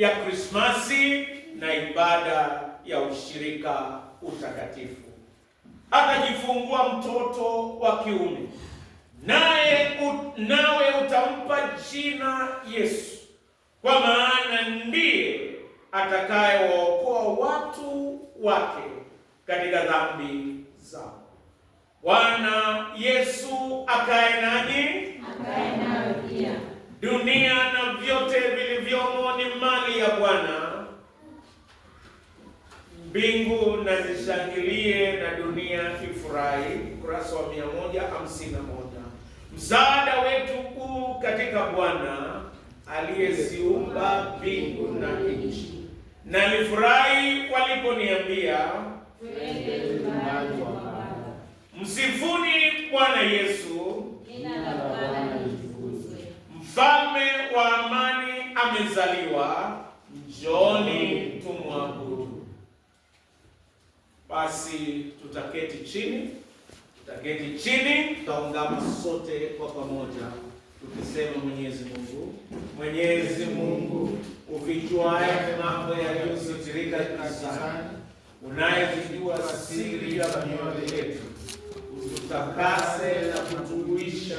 ya Krismasi na ibada ya ushirika utakatifu. Akajifungua mtoto wa kiume, naye nawe utampa jina Yesu, kwa maana ndiye atakayewaokoa watu wake katika dhambi zao. Bwana Yesu akae nani akae nawe pia. Dunia Mbingu na zishangilie na dunia ifurahi. Ukurasa wa moja. Msaada wetu kuu katika Bwana aliyeziumba mbingu na nchi. Nalifurahi waliponiambia msifuni Bwana Yesu, mfalme wa amani amezaliwa, joni tumwabudu basi tutaketi chini, tutaketi chini, tutaungama sote kwa pamoja tukisema: Mwenyezi Mungu, Mwenyezi Mungu uvijuaye mambo yaliyositirika gizani, unayezijua siri ya mioyo yetu, ututakase na kutuhuisha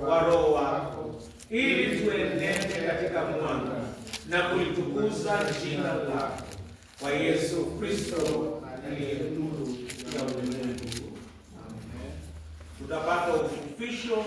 kwa Roho wako ili tuenende katika mwanga na kulitukuza jina lako kwa Yesu Kristo. tutapata ufupisho